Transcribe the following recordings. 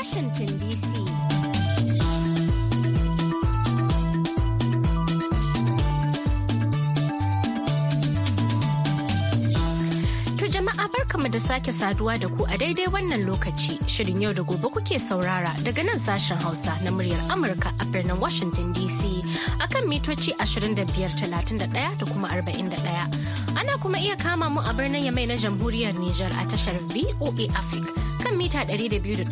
Washington DC. jama'a barkamu da sake saduwa da ku a daidai wannan lokaci shirin yau da gobe kuke saurara daga nan sashen hausa na muryar amurka a birnin washington dc akan mitoci 2531 da kuma 41 ana kuma iya kama mu a birnin yamai na jamhuriyar nijar a tashar voa africa kan mita 200.5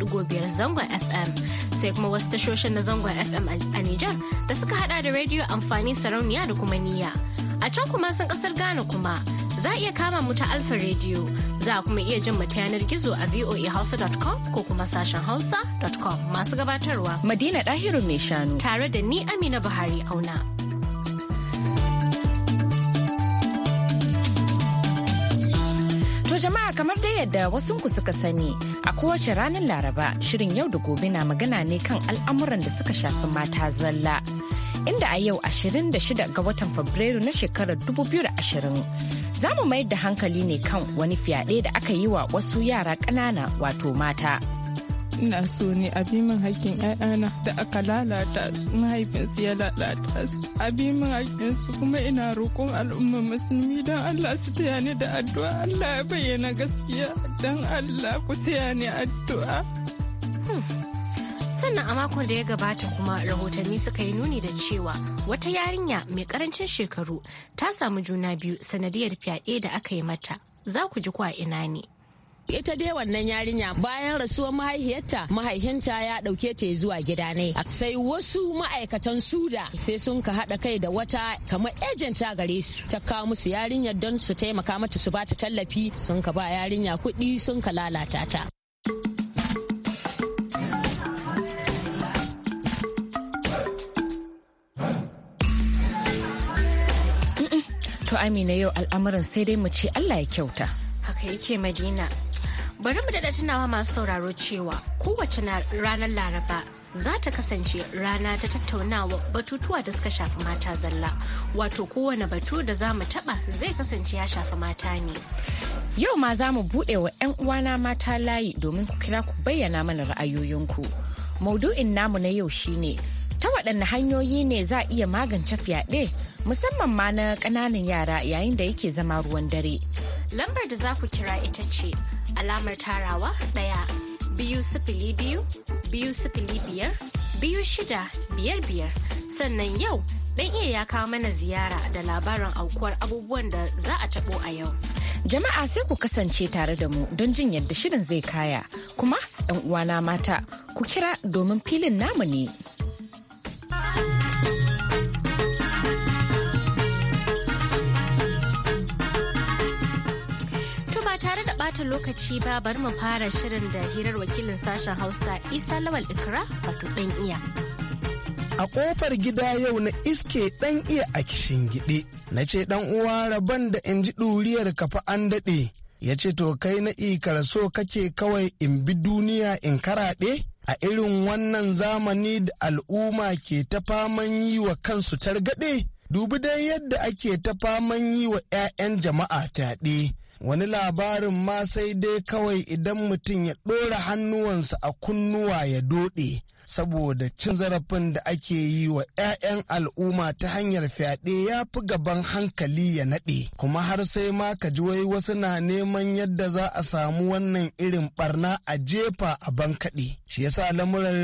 zangon FM sai kuma wasu tashoshin na zangon FM a Nijar da suka hada da rediyo amfani sarauniya da kuma niyya. A can kuma sun kasar Ghana kuma za a iya kama mu ta Alfa rediyo za a kuma iya jin mu yanar gizo a voahausa.com ko kuma sashen hausa.com masu gabatarwa. Madina Dahiru mai shanu. Tare da ni Amina Buhari auna. jama'a kamar dai yadda wasunku suka sani a kowace ranar Laraba shirin yau da gobe na magana ne kan al'amuran da suka shafi mata zalla. Inda a yau 26 ga watan Fabrairu na shekarar 2020 za mu mayar da hankali ne kan wani fyaɗe da aka yi wa wasu yara ƙanana wato mata. ina so ne a bi min hakkin ƴaƴana da aka lalata su mahaifinsu ya lalata su a bi min hakkin su kuma ina roƙon al'umma musulmi don Allah su taya ni da addu'a Allah ya bayyana gaskiya don Allah ku taya ni addu'a. sannan a makon da ya gabata kuma rahotanni suka yi nuni da cewa wata yarinya mai karancin shekaru ta samu juna biyu sanadiyar fyaɗe da aka yi mata za ku ji kwa ina ne. ita dai wannan yarinya bayan rasuwar mahaihiyarta mahaihinta ya dauke ta zuwa gida ne sai wasu ma'aikatan suda sai sun ka hada kai da wata kamar ejenta gare su ta kawo musu yarinyar don su taimaka mata su bata tallafi sun ka ba yarinya kuɗi sun ka lalata ta To Amina yau al'amuran sai dai mu ce Allah ya kyauta. haka yake Madina. Bari mu daɗa tunawa masu sauraro cewa kowace ranar Laraba za ta kasance rana ta tattaunawa batutuwa da suka shafi mata zalla wato kowane batu da za mu taɓa zai kasance ya shafi mata ne. Yau ma za mu buɗe wa 'yan uwana mata layi domin ku kira ku bayyana mana ra'ayoyinku. Maudu'in namu na yau shine ta waɗanne hanyoyi ne za a iya magance fyaɗe musamman ma na ƙananan yara yayin da yake zama ruwan dare. Lambar da za ku kira ita ce alamar tarawa ɗaya biyu sifili biyu biyu sifili biyar biyu shida biyar biyar sannan yau ɗan iya ya kawo mana ziyara da labarin aukuwar abubuwan da za a taɓo a yau. Jama'a sai ku kasance tare da mu don jin yadda shirin zai kaya kuma 'yan uwana mata ku kira domin filin namu ne. bata lokaci ba bar mu fara shirin da hirar wakilin sashen Hausa Isa Lawal Ikra wato dan iya. A ƙofar gida yau na iske dan iya a kishin gidi. Na ce ɗan uwa rabon da in ji ɗuriyar kafa an daɗe. Ya ce to kai na ikar so kake kawai in bi duniya in karaɗe? a irin wannan zamani da al'umma ke ta faman yi wa kansu targaɗe dubi dai yadda ake ta faman yi wa 'ya'yan jama'a taɗe wani labarin ma sai dai kawai idan mutum ya ɗora hannuwansa a kunnuwa ya doɗe saboda cin zarafin da ake yi wa 'ya'yan al'umma ta hanyar fyaɗe ya fi gaban hankali ya naɗe kuma har sai ma ka ji wai wasu na neman yadda za a samu wannan irin barna a jefa a bankaɗe shi yasa lamuran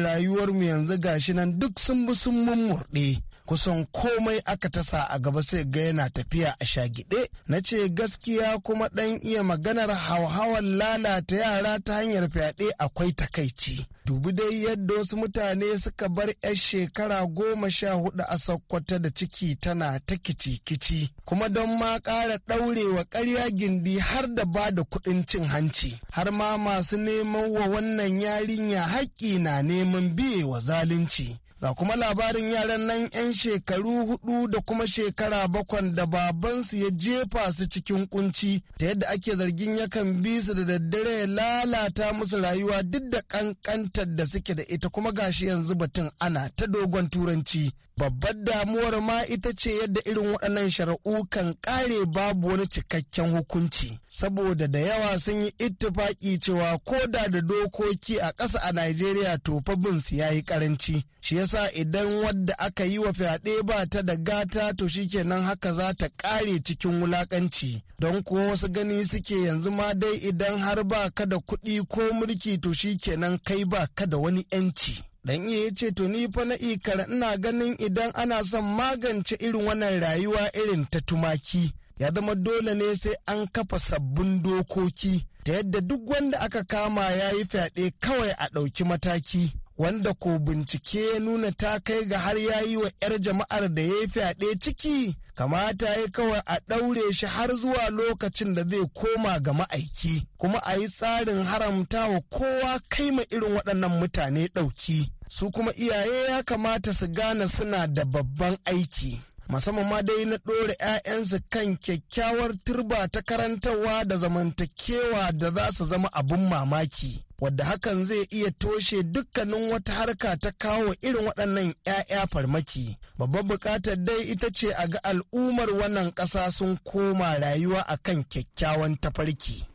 mu yanzu gashi nan duk sun bi sun mummurɗe kusan komai aka tasa a gaba sai ga yana tafiya a shagide na ce gaskiya kuma ɗan iya maganar hauhawan lalata yara ta hanyar fyaɗe akwai takaici dubi dai yadda wasu mutane suka bar 'yar shekara goma sha hudu a sakkwata da ciki tana ta kici-kici kuma don ma ƙara ɗaurewa ƙarya gindi har da ba da kuɗin cin hanci har ma masu neman wa wannan yarinya haƙƙi na neman biye wa zalunci ga kuma labarin yaran nan 'yan shekaru hudu da kuma shekara bakwan da babansu ya jefa su cikin kunci ta yadda ake zargin yakan bi su da daddare ya lalata musu rayuwa duk da kankantar da suke da ita kuma gashi yanzu batun ana ta dogon turanci babbar damuwar ma ita ce yadda irin waɗannan shari'u kan kare babu wani cikakken hukunci saboda da yawa sun yi ittifaki cewa ko da da dokoki a ƙasa a najeriya to fa bin su yi ƙaranci shi yasa yasa idan wadda aka yi wa fyaɗe ba ta da gata to shi shikenan haka za ta ƙare cikin wulaƙanci don kuwa wasu gani suke yanzu ma dai idan har ba ka da kuɗi ko mulki to shikenan kai ba ka da wani 'yanci. dan iya ya ce to ni fa na ikar ina ganin idan ana son magance irin wannan rayuwa irin ta tumaki ya zama dole ne sai an kafa sabbin dokoki ta yadda duk wanda aka kama ya yi fyaɗe kawai a ɗauki mataki wanda ko bincike ya nuna ta kai ga har ya yi wa 'yar jama'ar da ya yi fyaɗe ciki kamata ya kawai a ɗaure shi har zuwa lokacin da zai koma ga ma'aiki kuma a yi tsarin haramta wa kowa kai ma irin waɗannan mutane ɗauki su kuma iyaye ya kamata su gane suna da babban aiki musamman ma dai na ɗora 'ya'yansu kan kyakkyawar turba ta karantarwa da zamantakewa da za su zama abin mamaki. wadda hakan zai iya toshe dukkanin wata harka ta kawo irin waɗannan 'ya'ya farmaki babbar buƙatar dai ita ce a ga al'ummar wannan ƙasa sun koma rayuwa a kan kyakkyawan tafarki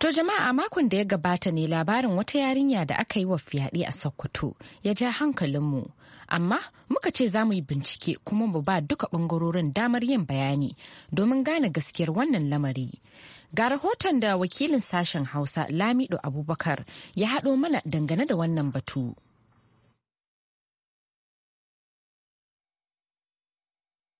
To jama'a makon da ya gabata ne labarin wata yarinya da aka yi wa fyaɗe a Sokoto ya ja hankalinmu amma muka ce za mu yi bincike kuma mu ba duka bangarorin damar yin bayani domin gane gaskiyar wannan lamari ga rahoton da wakilin sashen hausa lamido abubakar ya haɗo mana dangane da wannan batu.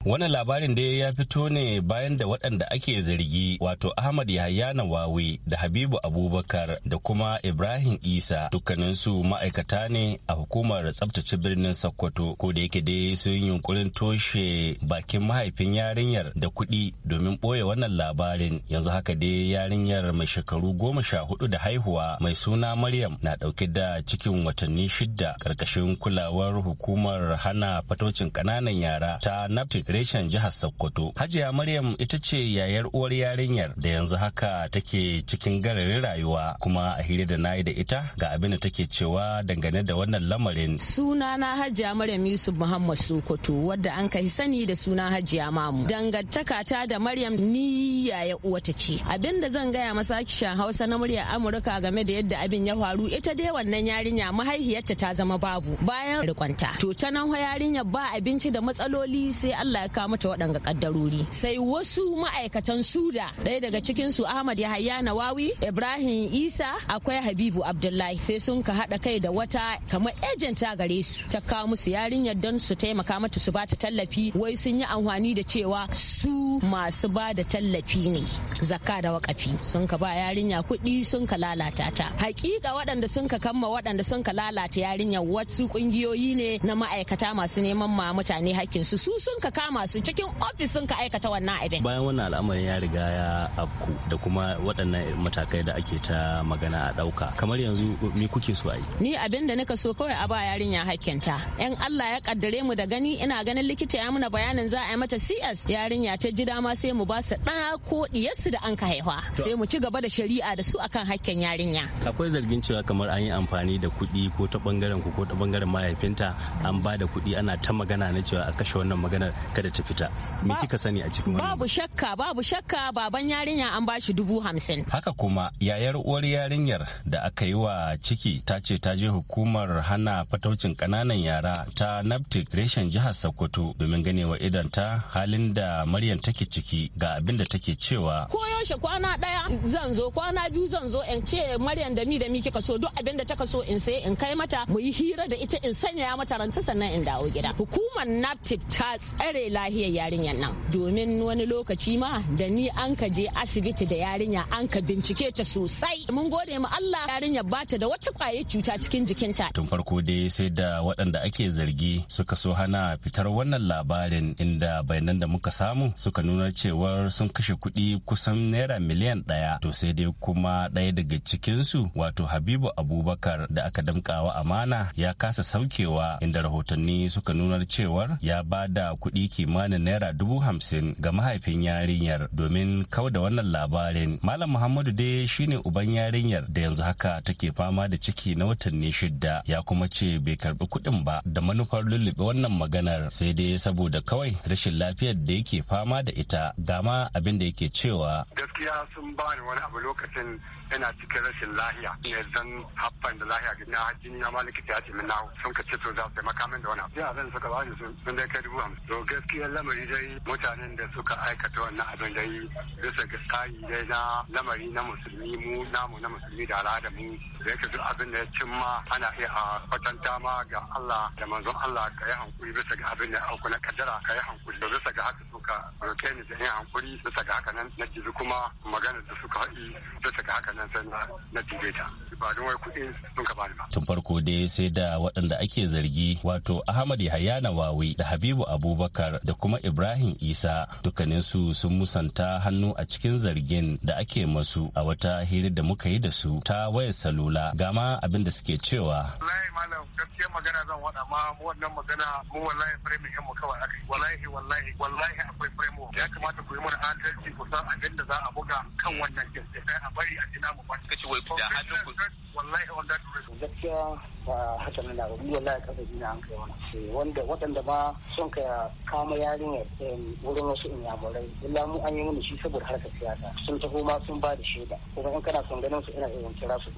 Wannan labarin da ya fito ne bayan da waɗanda ake zargi wato Ahmad Yahaya Nawawi da Habibu Abubakar da kuma Ibrahim Isa dukkaninsu ma'aikata ne a hukumar tsabtace birnin Sokoto ko da yake dai sun yunkurin toshe bakin mahaifin yarinyar da kuɗi domin ɓoye wannan labarin yanzu haka dai yarinyar mai shekaru goma sha hudu da haihuwa mai suna Maryam na ɗauke da cikin watanni shidda ƙarƙashin kulawar hukumar hana fatocin ƙananan yara ta NAPTIC reshen jihar Sokoto. Hajiya Maryam ita ce yayar uwar yarinyar da yanzu haka take cikin gararin rayuwa kuma a hira da nayi da ita ga abin da take cewa dangane da wannan lamarin. Sunana Hajiya Maryam Yusuf Muhammad Sokoto wadda an kai sani da suna Hajiya Mamu. Dangantaka ta da Maryam ni yaya uwata ce. Abin da zan gaya masa kishan Hausa na muryar Amurka game da yadda abin ya faru ita dai wannan yarinya mahaifiyarta ta zama babu bayan rikonta. To ta nan yarinya ba abinci da matsaloli sai Allah Allah ya kawo mata waɗanga kaddarori sai wasu ma'aikatan suda ɗaya daga cikin su Ahmad Yahaya Nawawi Ibrahim Isa akwai Habibu Abdullahi sai sun ka haɗa kai da wata kamar ejenta gare su ta kawo musu yarinyar don su taimaka mata su ba ta tallafi wai sun yi amfani da cewa su masu ba da tallafi ne zakka da wakafi sun ka ba yarinya kuɗi sun ka lalata ta hakika waɗanda sun ka kamma waɗanda sun ka lalata yarinya wasu kungiyoyi ne na ma'aikata masu neman ma mutane hakkin su su sun ka kama kama su cikin ofis sun ka aikata wannan abin bayan wannan al'amarin ya riga ya afku da kuma waɗannan matakai da ake ta magana a ɗauka kamar yanzu me kuke so a yi ni abin da nika so kawai a ba yarinya hakkinta yan Allah ya kaddare mu da gani ina ganin likita ya muna bayanin za a yi mata CS yarinya ta ji dama sai mu ba su ɗa ko diyarsu da an ka haihuwa sai mu ci gaba da shari'a da su akan hakkin yarinya akwai zargin cewa kamar an yi amfani da kuɗi ko ta bangaren ku ko ta bangaren mahaifinta an ba da kuɗi ana ta magana na cewa a kashe wannan maganar kada ta fita me kika sani a cikin wannan babu shakka babu shakka baban yarinya an bashi dubu hamsin haka kuma yayar uwar yarinyar da aka yi wa ciki ta ce ta je hukumar hana fataucin kananan yara ta naptic reshen jihar sokoto domin ganewa idan ta halin da maryam take ciki ga abin da take cewa ko yaushe kwana daya zan zo kwana biyu zan zo in ce maryam da mi da mi kika so duk abin da taka so in sai in kai mata mu yi hira da ita in sanya mata ranta sannan in dawo gida hukumar naptic ta tsare lahiyar yarinyar nan domin wani lokaci ma da ni an ka je asibiti da yarinya an ka bincike ta sosai mun gode ma Allah yarinyar ba ta da wata kwaye cuta cikin jikinta tun farko dai sai da waɗanda ake zargi suka so hana fitar wannan labarin inda bayanan da muka samu suka nuna cewar sun kashe kuɗi kusan naira miliyan ɗaya to sai dai kuma ɗaya daga cikinsu wato habibu abubakar da aka damƙawa amana ya kasa saukewa inda rahotanni suka nuna cewar ya ba da kuɗi kimanin naira dubu hamsin ga mahaifin yarinyar domin kau da wannan labarin malam muhammadu dai shine uban yarinyar da yanzu haka take fama da ciki na watanni shida ya kuma ce bai karbi kuɗin ba da manufar lullube wannan maganar sai dai saboda kawai rashin lafiyar da yake fama da ita dama abin da yake cewa gaskiya sun bani wani abu lokacin ina cikin rashin lahiya ne zan haffan da lahiya na hajjini na malikita ya ce min na sun ka ce to za su taimaka min da wani abu suka bani sun dai kai dubu hamsin gaskiyar lamari dai mutanen da suka aikata wannan abin dai bisa ga tsari dai na lamari na musulmi mu namu na musulmi da al'ada mu da yake duk abin da ya ma ana iya a kwatanta ma ga Allah da manzon Allah ka yi hankuri bisa ga abin da auku na kaddara ka yi hankuri bisa ga haka haka roke ni da yin hankuri bisa saka haka nan na jibi kuma magana da suka haɗi bisa saka haka nan sai na jibe ta ba don wai kuɗi sun ka bani ba. Tun farko dai sai da waɗanda ake zargi wato Ahmad Yahaya Nawawi da Habibu Abubakar da kuma Ibrahim Isa dukkaninsu sun musanta hannu a cikin zargin da ake masu a wata hirar da muka yi da su ta wayar salula gama abin da suke cewa. Wallahi malam gaskiya magana zan waɗa ma wannan magana mu wallahi firimin yan mu kawai aka wallahi wallahi wallahi kwaikwayo mu ya kamata ku yi mana adalci ku san za a buga kan wannan kin sai a bari a jina mu ba wai da hannun ku wallahi on that reason gaskiya ba haka nan ba wallahi kafa jina an kai wannan eh, wanda ba son ka kama yarinyar wurin wasu inyamurai illa mu an yi mana shi saboda harkar siyasa sun taho ma sun ba da shaida kuma in kana son ganin su ina irin kira su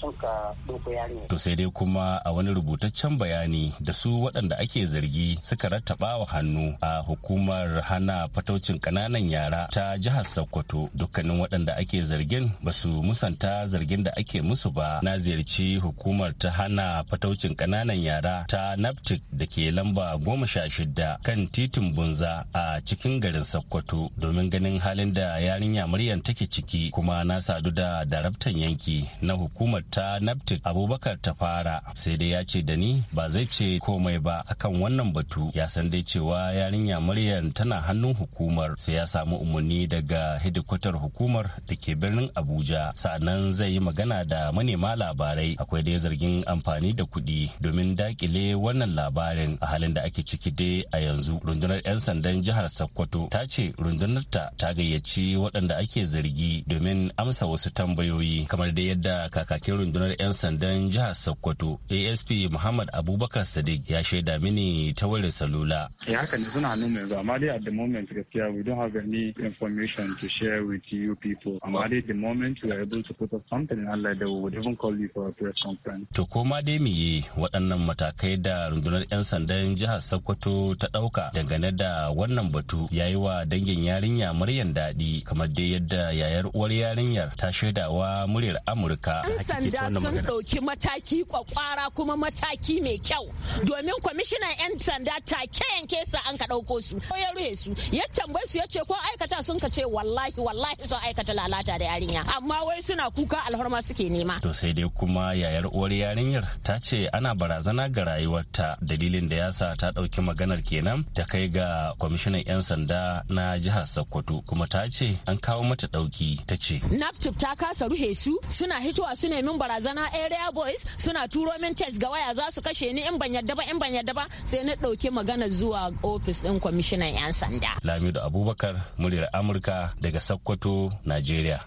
sun ka doko yarinyar to sai dai kuma a wani rubutaccen bayani da su waɗanda ake zargi suka rattaba wa hannu a hukumar hukumar hana fataucin ƙananan yara ta jihar Sokoto dukkanin waɗanda ake zargin ba su musanta zargin da ake musu ba na ziyarci hukumar ta hana fataucin ƙananan yara ta NAPTIC da ke lamba goma sha shida kan titin Bunza a cikin garin Sokoto domin ganin halin da yarinya Maryam take ciki kuma na sadu da darabtan yanki na hukumar ta NAPTIC Abubakar ta fara sai dai ya ce da ni ba zai ce komai ba akan wannan batu ya san dai cewa yarinya Maryam tana hannun hukumar sai ya samu umarni daga hedikwatar hukumar da ke birnin abuja sa'annan zai yi magana da manema labarai akwai dai zargin amfani da kuɗi domin dakile wannan labarin a halin da ake ciki dai a yanzu rundunar 'yan sandan jihar sokoto ta ce rundunarta ta gayyaci waɗanda ake zargi domin amsa wasu tambayoyi kamar da yadda kakakin rundunar 'yan sandan jihar sokoto asp muhammad abubakar sadiq ya shaida mini ta wurin salula ya eh, haka ne suna nuna ba amma at the moment gaskiya we don't have any information to share with you people amma dai the moment we are able to put up something in Allah that we would even call you for a press conference to koma dai yi waɗannan matakai da rundunar 'yan sandan jihar Sokoto ta ɗauka dangane da wannan batu yayi wa dangin yarinya muryan daɗi kamar dai yadda yayar uwar yarinyar ta shaidawa muryar Amurka 'yan sanda sun ɗauki mataki kwakwara kuma mataki mai kyau domin kwamishinan 'yan sanda take yanke sa an ka ɗauko su rufe ruhe su ya tambaye su ya ce ko aikata sun ka ce wallahi wallahi sun aikata lalata da yarinya amma wai suna kuka alhorma suke nema to sai dai kuma yayar uwar yarinyar ta ce ana barazana ga rayuwarta dalilin da yasa ta dauki maganar kenan ta kai ga kwamishinan yan sanda na jihar Sokoto kuma ta ce an kawo mata dauki ta ce naptip ta kasa ruhe su suna hitowa su nemin barazana area boys suna turo min test ga waya za su kashe ni in ban yadda ba in ban yadda ba sai na dauki magana zuwa ofis din kwamishinan 'yan sanda. Lamido Abubakar, muryar Amurka daga Sokoto, Najeriya.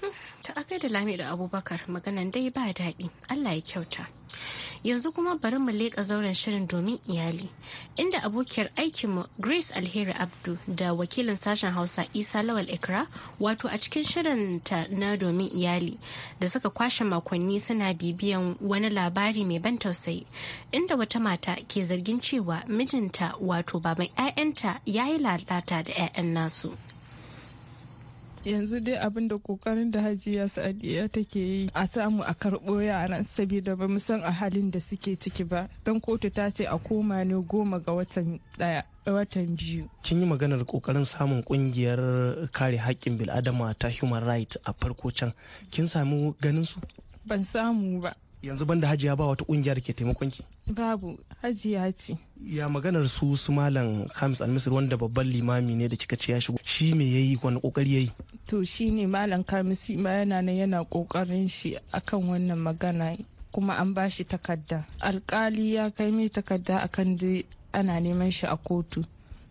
Hmm, Ta akai da Lamido Abubakar maganan dai ba daɗi, Allah ya kyauta. yanzu kuma bari mu leƙa zauren shirin domin iyali inda abokiyar aikinmu grace alheri abdu da wakilin sashen hausa isa lawal ikra wato a cikin shirin ta na domin iyali da suka kwashe makonni suna bibiyan wani labari mai ban tausayi inda wata mata ke zargin cewa mijinta wato baban 'ya'yanta ya yi lalata da 'ya'yan nasu yanzu dai abin da kokarin da hajiya sa'adiya take yi a samu a karɓo yaran saboda ba san a halin da suke ciki ba don kotu ta ce a koma ne goma ga watan daya watan biyu. Kin yi maganar kokarin samun kungiyar kare haƙƙin bil'adama ta Human Rights a farko can. Kin samu ganin su? Ban samu ba. yanzu banda hajiya ba wata kungiyar ke taimakon ki babu hajiya ce ya maganar su su malam khamis Almisir wanda babban limami ne da kika ce ya shigo shi me yayi wani kokari yayi to shine malam khamis ma yana nan yana kokarin shi akan wannan magana kuma an ba shi takarda alkali ya kai mai takarda akan da ana neman shi a kotu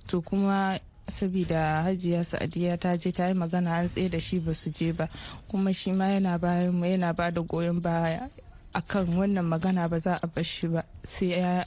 to kuma saboda hajiya sa'adiya ta je ta yi magana an tsaye da shi ba su je ba kuma shi ma yana bayan mu yana ba da goyon baya akan wannan magana ba za a bar shi ba sai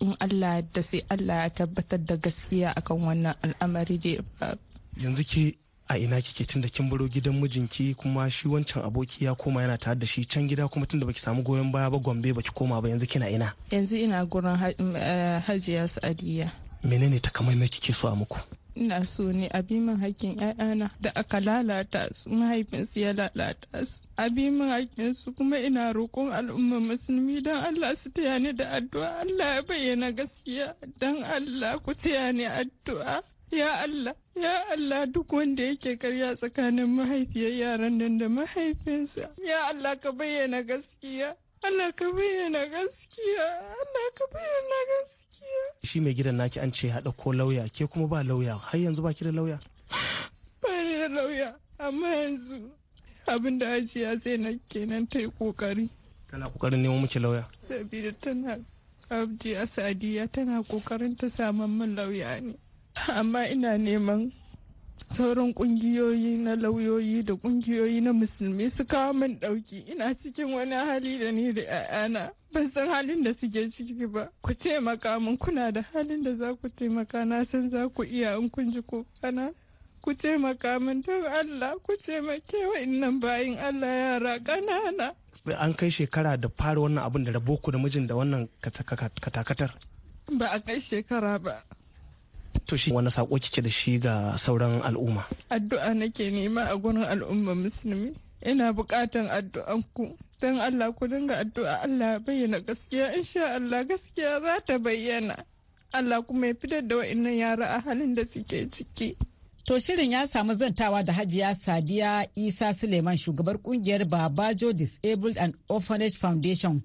in Allah da sai Allah ya tabbatar da gaskiya akan wannan al'amari da yanzu ke a ina kike tun da kin baro gidan mijinki kuma shi wancan aboki ya koma yana tare da shi can gida kuma tun da baki samu goyon baya ba gombe baki koma ba yanzu kina ina yanzu ina gurin eh, hajiya sa'adiya menene takamaimai kike so a muku ina so ne a bi min hakkin ƴaƴana da aka lalata su mahaifinsu ya lalata su a bi min hakkin kuma ina roƙon al'umma musulmi don Allah su taya ni da addu'a Allah ya bayyana gaskiya don Allah ku taya ni addu'a ya Allah Ya Allah duk wanda yake karya tsakanin mahaifiyar yaran nan da mahaifinsa. Ya Allah ka bayyana gaskiya. Allah ka bayyana gaskiya Allah ka bayyana gaskiya shi mai gidan naki an ce haɗa ko lauya ke kuma ba lauya har yanzu ba ki da lauya ba da lauya amma yanzu abin da ajiya sai na kenan ta yi kokari tana kokarin neman miki lauya sabida tana abdi a sadiya tana kokarin ta saman min lauya ne amma ina neman sauran kungiyoyi na lauyoyi da kungiyoyi na musulmi su kawo min dauki ina cikin wani hali da ni da 'ya'yana ban san halin da suke ciki ba ku taimaka min kuna da halin da za ku taimaka na san za ku iya in kun ji kana ku taimaka min don Allah ku taimake wa innan bayin Allah yara ƙanana. an kai shekara da fara wannan abin da rabo ku da mijin da wannan katakatar ba a kai shekara ba to shi wani sako kike da shi ga sauran al'umma addu'a nake nema a gurin al'umma musulmi ina bukatan addu'anku dan Allah ku dinga addu'a Allah bayyana gaskiya insha Allah gaskiya za ta bayyana Allah kuma ya fitar da wa'annan yara a halin da suke ciki To shirin ya samu zantawa da Hajiya Sadiya Isa Suleiman shugabar kungiyar baba Babajo Disabled and Orphanage Foundation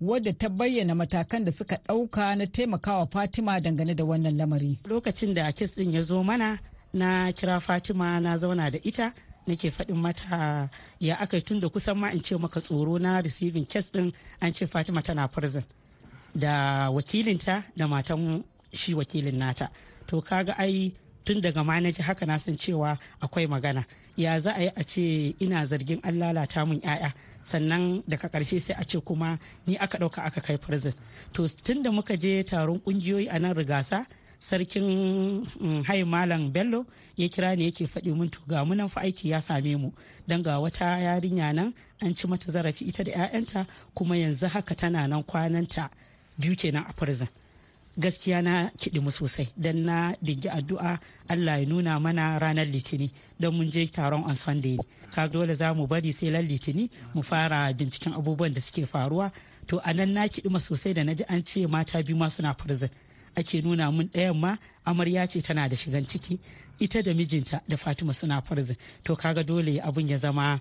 wadda ta bayyana matakan da suka ɗauka na taimakawa Fatima dangane da wannan lamari. Lokacin da kes ɗin ya zo mana na kira Fatima na zauna da ita nake faɗin mata ya aka tun da kusan ma in ce maka tsoro na receiving kes ɗin an ce Fatima tana prison da wakilinta da matan shi wakilin nata. To kaga ai tun daga ji haka na san cewa akwai magana ya za a yi a ce ina zargin an lalata mun 'ya'ya sannan daga karshe sai a ce kuma ni aka ɗauka aka kai prison to tun da muka je taron ƙungiyoyi a nan rigasa sarkin mm, hai malam bello ya kira ne yake faɗi mun to ga munan fa aiki ya same mu don ga wata yarinya nan an ci mata zarafi ita da 'ya'yanta kuma yanzu haka tana nan kwananta biyu kenan a prison gaskiya na kiɗi mu sosai don na dingi addu'a Allah ya nuna mana ranar litini don mun je taron on sunday ka dole za mu bari sai ran litini mu fara binciken abubuwan da suke faruwa to anan nan na mu sosai da na ji an ce mata biyu ma suna prison ake nuna mun ɗayan ma amarya ce tana da shigan ciki ita da mijinta da fatima suna prison to kaga dole abun ya zama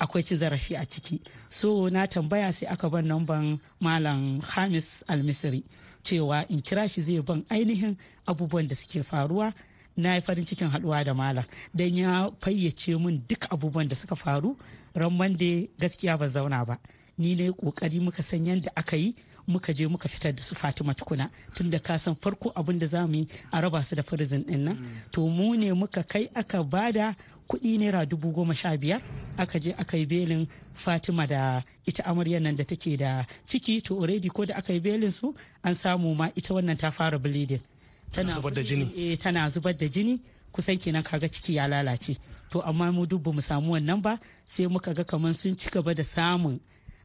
akwai cin zarafi a ciki so na tambaya sai aka ban namban malam hamis almisiri cewa in kira shi zai ban ainihin abubuwan da suke faruwa na yi farin cikin haduwa da malam don ya fayyace min duk abubuwan da suka faru ran da gaskiya ba zauna ba ni ne kokari muka san yadda aka yi muka je muka fitar da su Fatima tukuna tun da ka san farko abin da za mu yi a raba su da firizin din nan mm. to mu ne muka kai aka bada kuɗi naira dubu goma sha biyar aka je aka yi belin fatima da ita amaryar nan da take da ciki to already ko da aka yi belin su an samu ma ita wannan ta fara bleeding tana zubar da jini eh tana zubar da jini kusan kenan kaga ciki ya lalace to amma mu duk mu samu wannan ba sai muka ga kamar sun ci gaba da samun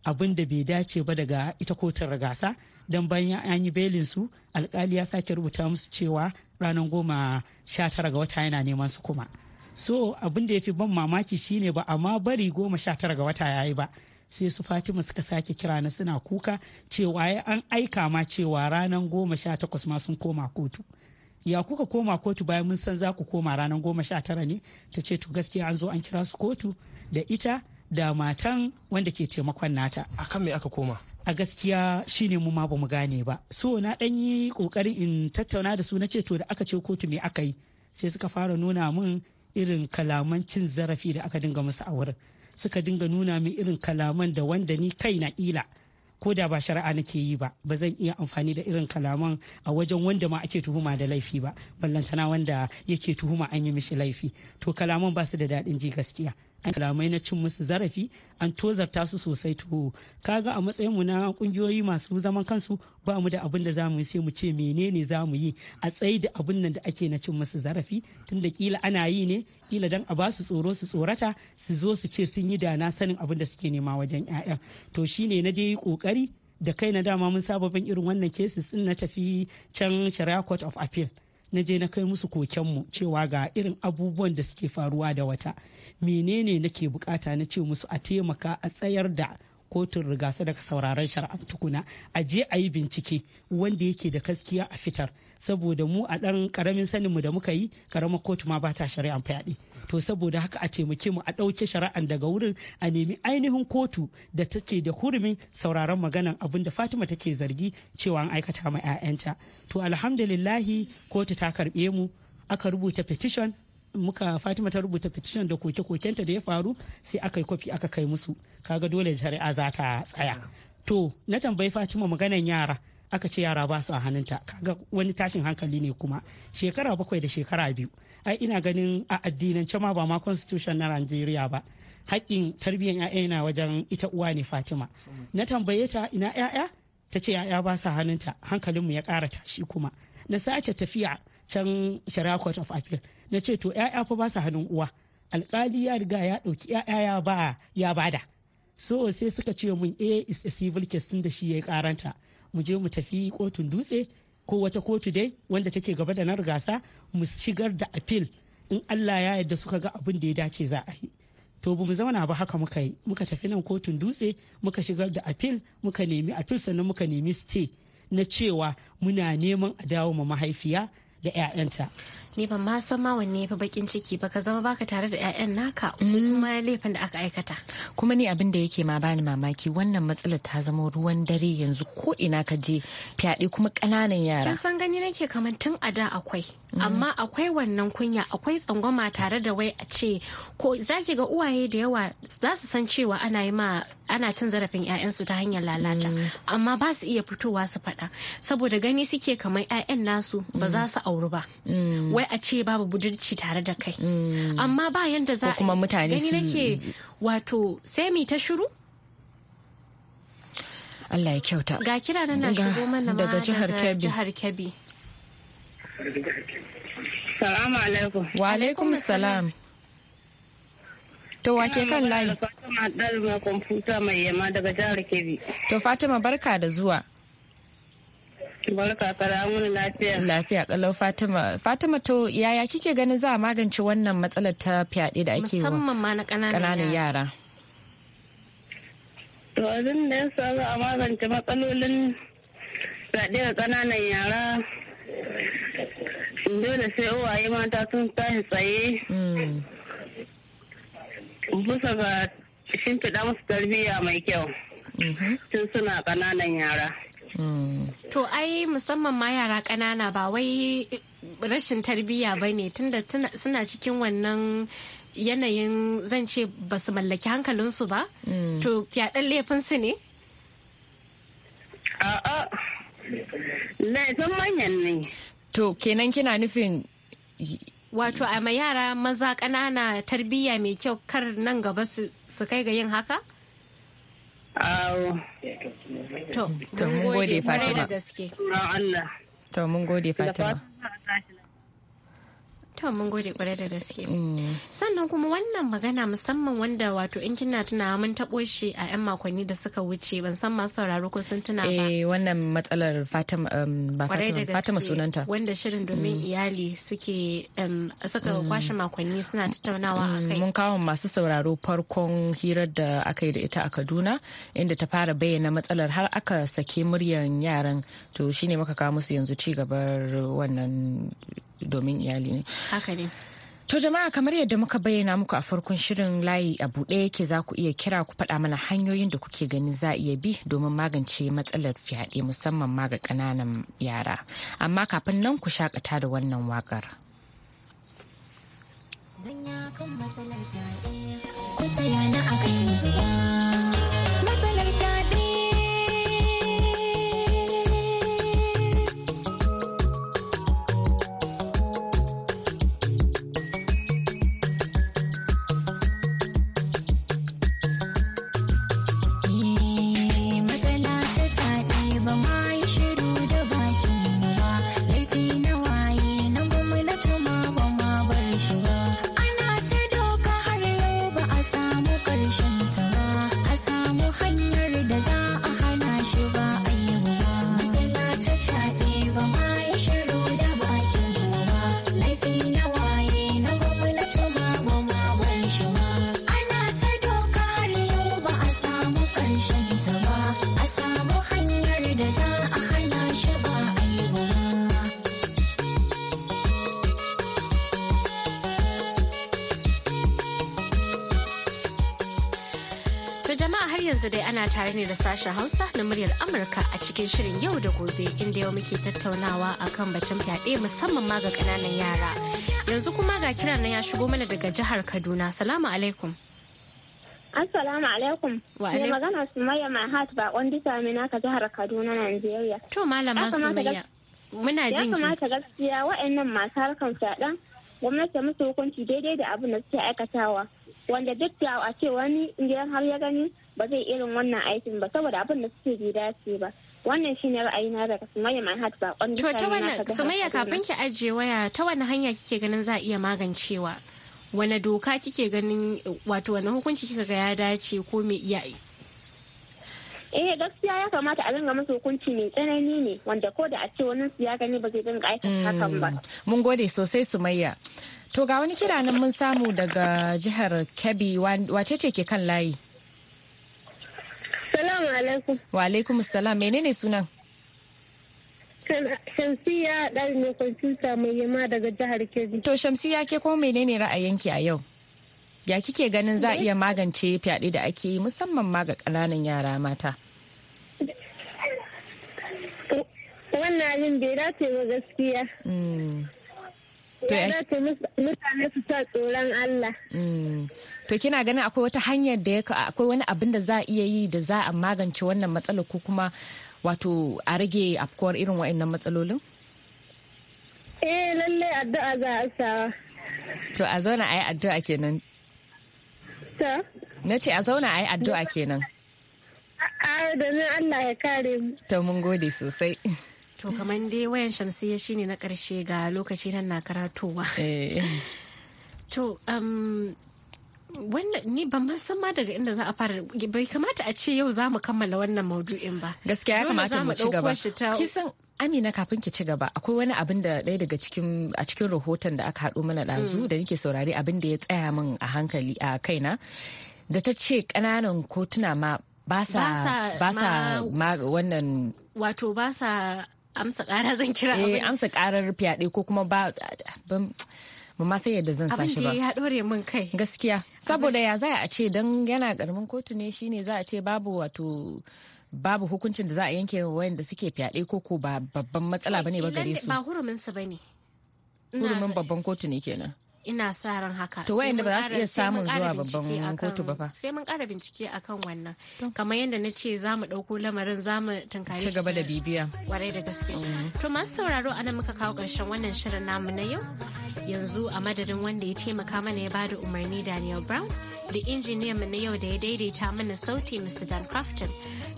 abin da bai dace ba daga ita kotun ragasa dan bayan an yi belin su alkali ya sake rubuta musu cewa ranar goma sha tara ga wata yana neman su kuma so abin da ya fi ban mamaki shine ba amma bari goma sha tara ga wata yayi ba sai su fatima suka sake kira na suna kuka cewa ya an aika ma cewa ranar goma sha takwas ma sun koma kotu ya kuka koma kotu bayan mun san za ku koma ranar goma sha tara ne ta ce to gaskiya an zo an kira su kotu da ita da matan wanda ke taimakon nata A kan me aka koma a gaskiya shine mu ma bamu gane ba so na dan yi kokarin in tattauna da su na ce to da aka ce kotu me aka yi sai suka fara nuna mun. irin kalaman cin zarafi da aka dinga musu a wurin suka dinga nuna min irin kalaman da wanda ni kai na ila ko da ba shari'a nake yi ba ba zan iya amfani da irin kalaman a wajen wanda ma ake tuhuma da laifi ba ballantana wanda yake tuhuma an yi mishi laifi to kalaman ba su da daɗin ji gaskiya an kalamai na cin musu zarafi an tozarta su sosai to kaga a matsayin mu na kungiyoyi masu zaman kansu ba mu da abin da zamu sai mu ce menene zamu yi a tsayi da abin nan da ake na cin musu zarafi tunda kila ana yi ne kila dan a ba su tsoro su tsorata su zo su ce sun yi dana sanin abin da suke nema wajen 'ya'ya to shine na je yi kokari da kai na dama mun saba irin wannan cases din na tafi can Sharia Court of Appeal na je na kai musu kokenmu cewa ga irin abubuwan da suke faruwa da wata menene nake bukata na ce musu a taimaka a tsayar da kotun rigasa daga sauraron shari'ar tukuna a je a yi bincike wanda yake da gaskiya a fitar saboda mu a ɗan ƙaramin saninmu da muka yi ƙaramar kotu ma ba ta shari'ar fyaɗe to saboda haka a taimake mu a ɗauke shari'an daga wurin a nemi ainihin kotu da take da hurumin sauraron maganan abin da fatima take zargi cewa an aikata ma 'ya'yanta to alhamdulillahi kotu ta karɓe mu aka rubuta petition muka fatima ta rubuta petition da koke-kokenta da ya faru sai aka yi kwafi aka kai musu kaga dole shari'a za ta tsaya to na tambayi fatima maganan yara aka ce yara ba su a hannunta kaga wani tashin hankali ne kuma shekara bakwai da shekara biyu ai ina ganin a addinance ma ba ma constitution na Najeriya ba haƙƙin tarbiyyar 'ya'ya yana wajen ita uwa ne Fatima na tambaye ta ina 'ya'ya ta ce 'ya'ya ba sa hannunta hankalinmu ya ƙara tashi kuma na sace tafiya can shari'a court of appeal na ce to 'ya'ya fa ba sa hannun uwa alƙali ya riga ya ɗauki 'ya'ya ya ba ya bada so sai suka ce mun eh is a civil case tun da shi ya karanta mu je mu tafi kotun dutse ko wata kotu dai wanda take gaba da nan gasa mu shigar da appeal in Allah ya yarda suka ga abin da ya dace za a yi to bamu mu zauna ba haka muka yi muka tafi nan kotun dutse muka shigar da appeal muka nemi appeal sannan muka nemi stay na cewa muna neman a dawo ma mahaifiya da 'ya'yanta ni ban ma san ma wanne fi bakin ciki ba ka zama baka tare da 'ya'yan naka mm. kuma laifin da aka aikata kuma ni abin da yake ma bani mamaki wannan matsalar ta zama ruwan dare yanzu ko ina ka je fyaɗe kuma ƙananan yara kin san gani nake kamar tun a da akwai mm. amma akwai wannan kunya akwai tsangwama tare da wai a ce ko zaki ga uwaye da yawa za su san cewa ana yi ma ana cin zarafin 'ya'yansu ta hanyar lalata mm. amma ba su iya fitowa su faɗa saboda gani suke kamar 'ya'yan nasu ba za su auri ba mm. wai a ce babu budurci tare da kai mm. amma ba yanda za a kuma mutane gani nake wato sai mi ta shiru Allah ya kyauta ga kira na na shigo mana daga jihar Kebbi jihar Kebbi Salamu alaikum wa alaikum salam To wake kan layi. Fatima Dalma kwamfuta mai yamma daga jihar Kebbi. To Fatima barka da zuwa. barka mun lafiya. Lafiya kalau Fatima. Fatima to yaya kike ganin za a magance wannan matsalar ta fyaɗe da ake wa musamman ma na ƙananan yara. To abin da ya sa za a magance matsalolin fyaɗe da ƙananan yara dole sai uwaye mata sun tashi tsaye. Mm. Busa ga shimfiɗa musu tarbiyya mai kyau. Mm-hmm. Tun suna ƙananan yara. To ai musamman ma yara ƙanana ba wai rashin tarbiyya ba ne tunda suna cikin wannan yanayin zan ce ba su mallaki hankalinsu ba. To fyaɗen laifinsu ne? A'a, laifin manyan ne. To kenan kina nufin Wato a yara maza ƙanana tarbiyya mai kyau kar nan gaba su kai ga yin haka? Awo. To, mun gode Fatima. Allah. To, mun gode Fatima. To mun gode kwarai da gaske. Mm. Sannan kuma wannan magana musamman wanda wato in kina tuna mun taɓo shi a 'yan makonni da suka wuce ban san masu sauraro ko sun tuna ba. Eh wannan matsalar Fatima um, ba Fatima Fatima sunanta. Wanda shirin domin mm. iyali suke um, suka mm. kwashe makonni suna tattaunawa akai. Mun kawo masu sauraro farkon hirar da aka yi da ita a Kaduna inda ta fara bayyana matsalar har aka sake muryan yaran to shine muka kawo musu yanzu ci gabar wannan domin iyali ne To jama'a kamar yadda muka bayyana muku a farkon shirin layi a buɗe yake za ku iya kira ku faɗa mana hanyoyin da kuke ganin za iya bi domin magance matsalar fyaɗe musamman ma ga ƙananan yara. Amma kafin nan ku shakata da wannan wakar Zanya kan matsalar fyaɗe, ku na a kan zuwa. yanzu dai ana tare ne da sashen Hausa na muryar Amurka a cikin shirin yau da gobe inda yau muke tattaunawa akan batun fyaɗe musamman ma ga ƙananan yara. Yanzu kuma ga kiran nan ya shigo mana daga jihar Kaduna. Salamu alaikum. Assalamu alaikum. Wa alaikum. magana ba Mahat bakon Disamina ka jihar Kaduna, nigeria. To malama maya Muna jin Ya kamata gaskiya waɗannan masu harkar fyaɗen gwamnati musu hukunci daidai da abin da suke aikatawa. wanda duk da a ce wani ingiyar har ya gani ba zai irin wannan aikin ba saboda abin da suke ji dace ba wannan shi ne ra'ayi na daga sumayya hat ba wanda to ta wannan sumayya kafin ki ajiye waya ta wani hanya kike ganin za a iya magancewa wani doka kike ganin wato wani hukunci kika ga ya dace ko me iya eh gaskiya ya kamata a ringa masa hukunci mai tsanani ne wanda ko da a ce wani su ya gani ba zai dinga aikata mm. hakan ba mun gode sosai sumayya to ga wani kira nan mun samu daga jihar kebbi wace ce ke kan layi salamu alaikum wa alaikum salam menene sunan shamsiya ɗari ne kwamfuta mai yamma daga jihar kebbi to shamsiya ke ko menene ra'ayinki a yau ya kike ganin za a iya magance fyaɗe da ake yi musamman ma ga ƙananan yara mata wannan abin bai dace ba gaskiya mm. ya dace mutane su sa tsoron Allah mm. to kina ganin akwai wata hanyar da ya akwai wani abin da za a iya yi da za a magance wannan matsalar ko kuma wato a rage afkuwar irin wa'annan matsalolin eh lallai addu'a za a sawa to a zauna a yi addu'a kenan Dokta? Na ce a zauna a yi addu'a kenan. A domin Allah ya kare mu. To mun gode sosai. To kamar dai wayan shamsiyya shine na karshe ga lokaci nan na karatowa. Eh. To um, wanda ni ban ma san ma daga inda za a fara bai kamata a ce yau za mu kammala wannan maudu'in ba. Gaskiya ya kamata mu ci gaba. Kisan Amina kafin ki ci gaba akwai wani abin da ɗaya daga cikin a cikin rahoton da aka haɗo mana ɗazu mm. da nake saurari abin da ya tsaya min a hankali a kaina da ta ce ƙananan kotuna ma ba sa ma wannan wato ba sa amsa ƙara zan kira eh, abin. Eh amsa ƙarar fyaɗe ko kuma ba ba ma sai yadda zan sashi ba. Abin da ya ɗore min kai. Gaskiya. Saboda ya za a ce don yana ƙaramin kotu ne shine za a ce babu wato babu hukuncin da za a yanke wa wayanda suke fyaɗe ko ko ba babban matsala bane ba gare su ba hurumin su bane hurumin babban kotu ne kenan ina sa ran haka to wayanda ba za su iya samun zuwa babban kotu ba fa sai mun kara bincike akan wannan kamar yadda na ce za mu ɗauko lamarin za mu tunkari ci gaba da bibiya kwarai da gaske mm. to masu sauraro anan muka kawo ƙarshen wannan shirin namu na yau yanzu a madadin wanda ya taimaka mana ya bada umarni Daniel Brown da injiniyan mu na yau da ya daidaita mana sauti Mr. Dan Crafton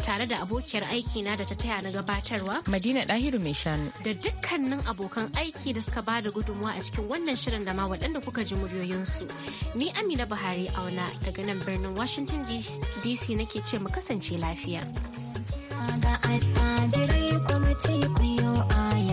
tare da abokiyar aiki na da ta taya na gabatarwa Madina Dahiru mai shanu da dukkanin abokan aiki da suka bada gudunmawa a cikin wannan shirin da ma waɗanda waɗanda kuka ji muryoyinsu. Ni Amina Buhari auna daga nan birnin Washington DC nake ce mu kasance lafiya. Ga alfajirai kuma ce kuyo aya.